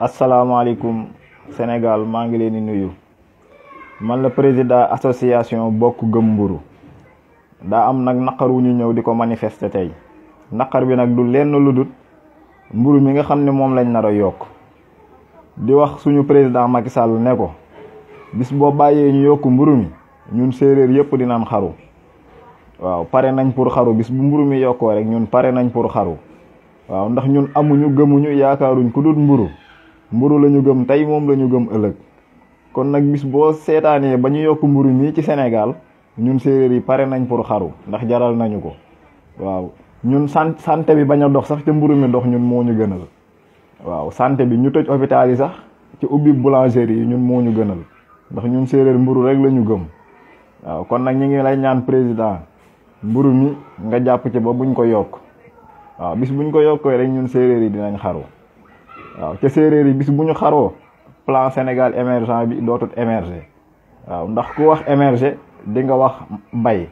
Assalamualaikum Senegal ma ngi leni nuyu man le président association bokku gemburu da am nag nakaru ñu ñew diko manifester tay nakar bi nak du lenn luddut mburu mi nga xamne mom lañ nara yok di wax suñu président Macky Sall ne ko bis bo baye ñu yok mburu mi ñun séeréer di nan xaru waaw paré nañ pour xaru bis bu mburu mi yokkoo rek ñun paré nañ pour xaru waaw ndax ñun amuñu gëmuñu yaakaaruñ ku dul mburu mburu lañu gëm tay mom lañu gëm ëlëk kon nak bis bo sétané bañu yok mburu mii ci Sénégal ñun séréri paré pare nañ pour xaru ndax jaral nañu ko waaw ñun santé bi baña dox sax te mburu mi dox ñun moñu gënal waaw santé bi ñu tej hôpital yi sax ci ubbi boulangerie ñun moñu gënal ndax ñun séréer mburu rek lañu gëm waaw kon nak ñi ngi lay ñaan président mburu mi nga japp ci ba buñ ko yok waaw bis buñ ko yokkee rek ñun séeréer yi dinañ xaru waaw ca séeréer yi bis bu ñu xaroo plan Sénégal émergent bi dootul émerger waaw ndax ku wax émerger di nga wax mbay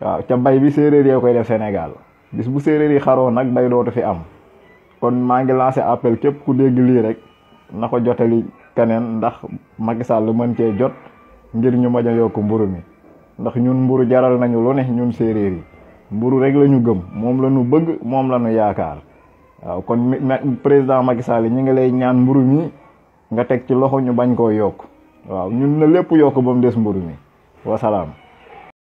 waaw ca mbay bi séeréer yee koy def Sénégal bis bu séeréer yi xaroo nag mbay dootu fi am kon maa ngi lancé appel képp ku dégg lii rek na ko jotali keneen ndax Macky Sall mën cee jot ngir ñu maja yokk mburu mi ndax ñun mburu jaral nañu lu ne ñun séeréer yi mburu rek lañu gëm moom la bëgg moom la waaw kon président Macky Sall ñu ngi lay ñaan mburu mi nga teg ci loxo ñu bañ koo yokk waaw ñun na lépp yokk ba mu des mburu mi wasalaam